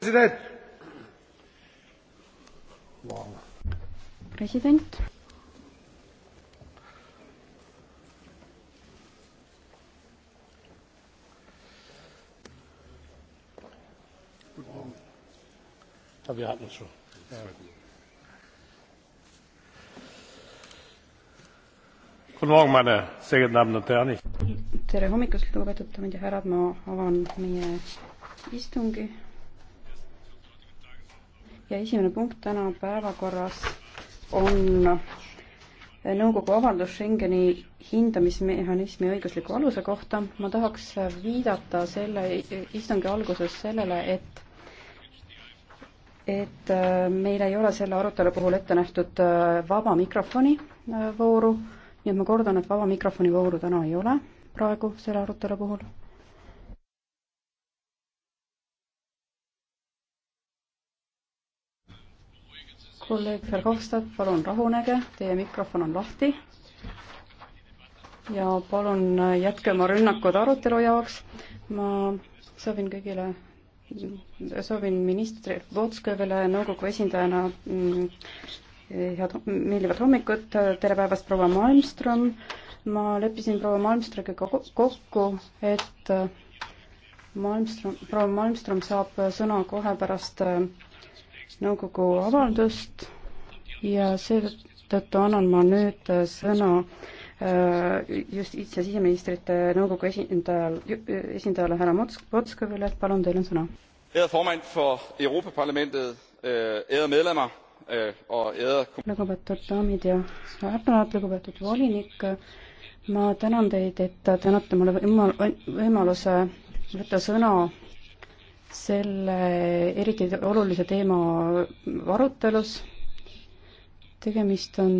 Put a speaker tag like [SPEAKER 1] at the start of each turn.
[SPEAKER 1] president. president. wir hatten es schon. Guten Morgen, meine sehr geehrten Damen und Herren. tere hommikust, lugupeetud daamid ja härrad, ma avan meie istungi ja esimene punkt täna päevakorras on nõukogu avaldus Schengeni hindamismehhanismi õigusliku aluse kohta. ma tahaks viidata selle istungi alguses sellele, et et äh, meil ei ole selle arutelu puhul ette nähtud äh, vaba mikrofoni äh, vooru, nii et ma kordan, et vaba mikrofoni vooru täna ei ole praegu selle arutelu puhul kolleeg Verhofstadt, palun rahunege, teie mikrofon on lahti. ja palun äh, jätke oma rünnakud arutelu jaoks. ma soovin kõigile, mm, soovin ministri Votskõvele nõukogu esindajana mm, eh, head, meeldivat hommikut, tere päevast, proua Malmström. ma leppisin proua Malmströmiga kokku, et äh, Malmström, proua Malmström saab äh, sõna kohe pärast nõukogu avaldust ja seetõttu annan ma nüüd sõna äh, justiits- ja siseministrite nõukogu esindajal, esindajale härra Mots-, Potskõvile, palun, teil on sõna. Øh, øh, lugupeetud daamid ja härrad, lugupeetud volinik, ma tänan teid, et te annate mulle võimal-, võimaluse võtta sõna selle eriti olulise teema arutelus. tegemist on